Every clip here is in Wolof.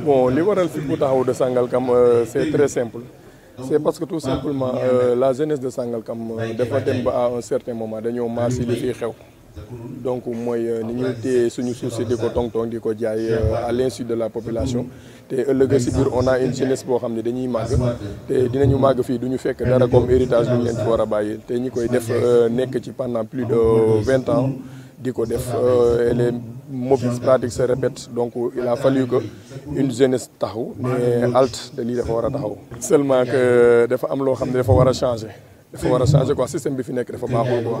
bon li waral fit bu taxaw de Sangalkam euh, c'est très simple c'est parce que tout simplement euh, la jeunesse de Sangalkam euh, dafa dem ba à un certain moment dañoo maar si li fiy xew donc mooy ni ñuy téye suñu suuf si di ko tong-tong di ko jaay à l'insu de la population te ëllëg si on a une jeunesse boo xam ne dañuy màgg te dinañu màgg fii du ñu fekk dara comme héritage bu ñu leen fi war a bàyyi te ñi koy def nekk ci pendant plus de vingt ans diko def et les mobiles pratiques se répètent donc il a fallu que une jeunesse taxou mais halte de li dafa wara taxou seulement que dafa am lo xamne dafa wara changer dafa wara changer quoi système bi fi nek dafa baaxul quoi.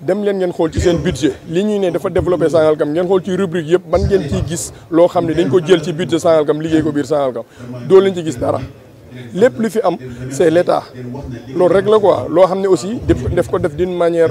dem leen ngeen xool ci seen budget li ñuy ne dafa développé Sangalkam ngeen xool ci rubrique yëpp ban ngeen ciy gis loo xam ne dañ ko jël ci budget Sangalkam liggéey ko biir Sangalkam doo leen ci gis dara lépp lu fi am c'est l'État loolu rek la quoi loo xam ne aussi def ko def d'une manière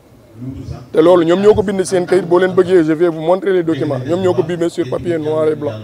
te loolu ñoom ñoo ko bind seen kayit boo leen bëggee je vais vous montrer les documents ñoom ñoo ko bimé sur papier noir et blanc